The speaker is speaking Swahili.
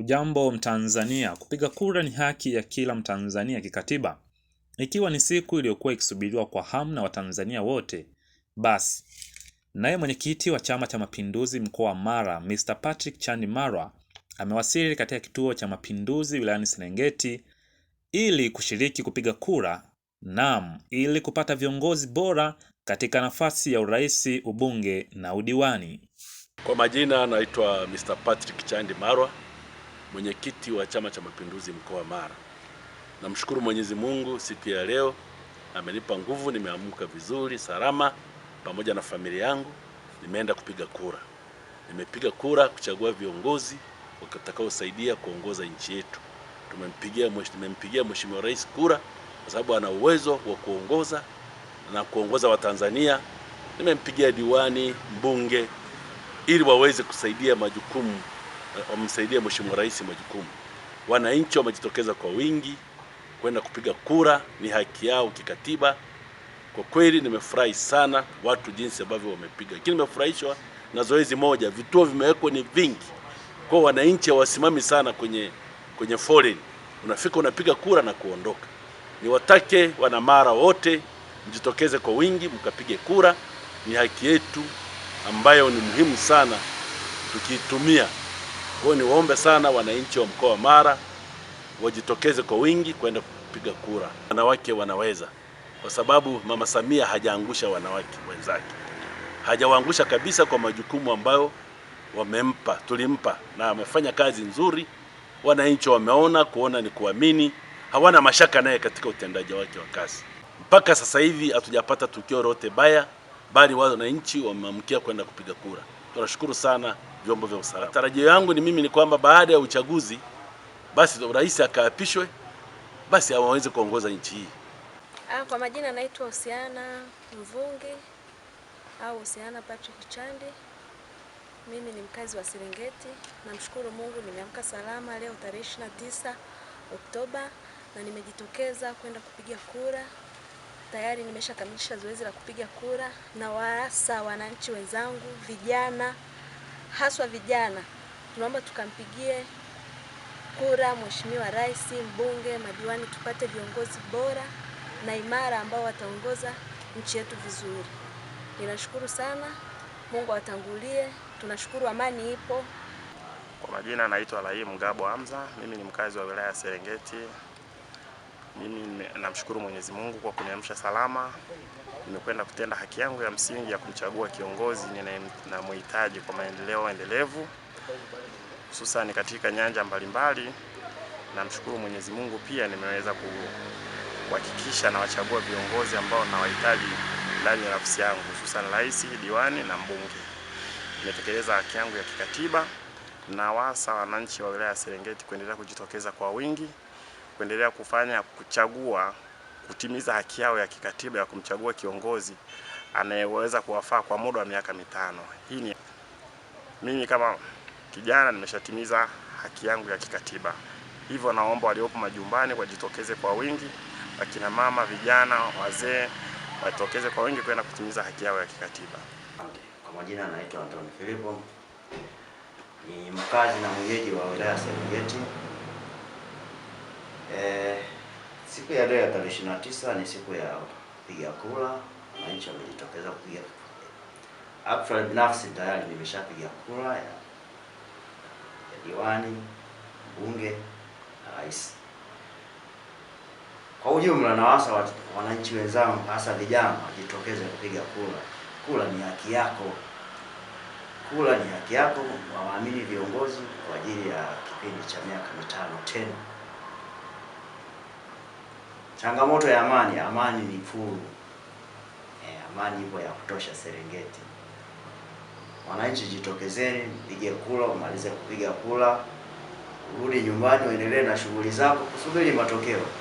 ujambo Mtanzania, kupiga kura ni haki ya kila Mtanzania kikatiba. Ikiwa ni siku iliyokuwa ikisubiriwa kwa hamu na Watanzania wote, basi naye mwenyekiti wa Chama cha Mapinduzi mkoa wa Mara, Mr Patrick Chani Marwa amewasili katika kituo cha Mapinduzi wilayani Serengeti ili kushiriki kupiga kura, naam, ili kupata viongozi bora katika nafasi ya urais, ubunge na udiwani. Kwa majina anaitwa Mr Patrick Chandi Marwa mwenyekiti wa Chama cha Mapinduzi mkoa wa Mara. Namshukuru Mwenyezi Mungu siku ya leo amenipa nguvu, nimeamka vizuri salama pamoja na familia yangu, nimeenda kupiga kura. Nimepiga kura kuchagua viongozi watakaosaidia kuongoza nchi yetu. Tumempigia nimempigia Mheshimiwa Rais kura kwa sababu ana uwezo wa kuongoza na kuongoza Watanzania. Nimempigia diwani, mbunge ili waweze kusaidia majukumu wamsaidia Mheshimiwa Rais majukumu. Wananchi wamejitokeza kwa wingi kwenda kupiga kura, ni haki yao kikatiba. Kwa kweli nimefurahi sana watu jinsi ambavyo wamepiga, lakini nimefurahishwa na zoezi moja, vituo vimewekwa ni vingi, kwa wananchi hawasimami sana kwenye kwenye foleni, unafika unapiga kura na kuondoka. Niwatake wanamara wote mjitokeze kwa wingi mkapige kura, ni haki yetu ambayo ni muhimu sana tukiitumia kwa ni waombe sana wananchi wa mkoa wa Mara wajitokeze kwa wingi kwenda kupiga kura. Wanawake wanaweza, kwa sababu Mama Samia hajaangusha wanawake wenzake, hajawaangusha kabisa kwa majukumu ambayo wamempa, tulimpa, na amefanya kazi nzuri. Wananchi wameona, kuona ni kuamini, hawana mashaka naye katika utendaji wake wa kazi. Mpaka sasa hivi hatujapata tukio lolote baya, bali wananchi wameamkia kwenda kupiga kura. Tunashukuru sana vyombo vya usalama. Tarajio yangu ni mimi ni kwamba baada ya uchaguzi basi rais akaapishwe, basi awaweze kuongoza nchi hii. Ah, kwa majina naitwa husiana Mvungi au Usiana Patrick Chandi. Mimi ni mkazi wa Serengeti. Namshukuru Mungu nimeamka salama leo tarehe 29 Oktoba na nimejitokeza kwenda kupiga kura. Tayari nimeshakamilisha zoezi la kupiga kura na waasa wananchi wenzangu vijana haswa vijana, tunaomba tukampigie kura Mheshimiwa Rais, mbunge, madiwani, tupate viongozi bora na imara ambao wataongoza nchi yetu vizuri. Ninashukuru sana, Mungu atangulie Tunashukuru amani ipo. Kwa majina naitwa Rahim Gabo Hamza, mimi ni mkazi wa wilaya ya Serengeti. Mimi namshukuru Mwenyezi Mungu kwa kuniamsha salama nimekwenda kutenda haki yangu ya msingi ya kumchagua kiongozi ninayemhitaji kwa maendeleo endelevu hususan katika nyanja mbalimbali. Namshukuru Mwenyezi Mungu pia nimeweza kuhakikisha na wachagua viongozi ambao nawahitaji ndani ya ofisi yangu, hususan rais, diwani na mbunge. Nimetekeleza haki yangu ya kikatiba na wasa wananchi wa wilaya ya Serengeti kuendelea kujitokeza kwa wingi, kuendelea kufanya kuchagua kutimiza haki yao ya kikatiba ya kumchagua kiongozi anayeweza kuwafaa kwa muda wa miaka mitano. Hii ni mimi kama kijana nimeshatimiza haki yangu ya kikatiba, hivyo naomba waliopo majumbani wajitokeze kwa wingi, akina mama, vijana, wazee watokeze kwa wingi kwenda kutimiza haki yao ya kikatiba. Kwa majina anaitwa Antoni Filipo, ni mkazi na mwenyeji wa wilaya ya Serengeti. E, Siku ya leo ya tarehe 29 ni siku ya kupiga kura. Wananchi wamejitokeza kupiga kura. Binafsi tayari nimeshapiga kura ya, ya diwani, mbunge na rais. Kwa ujumla, nawasa wananchi wenzangu, hasa vijana, wajitokeze kupiga kura. Kura ni haki yako, kura ni haki yako. Wawaamini viongozi kwa ajili ya kipindi cha miaka mitano tena. Changamoto ya amani, amani ni furu. E, eh, amani ipo ya kutosha Serengeti. Wananchi jitokezeni, mpige kula, umalize kupiga kula, urudi nyumbani, uendelee na shughuli zako kusubiri matokeo.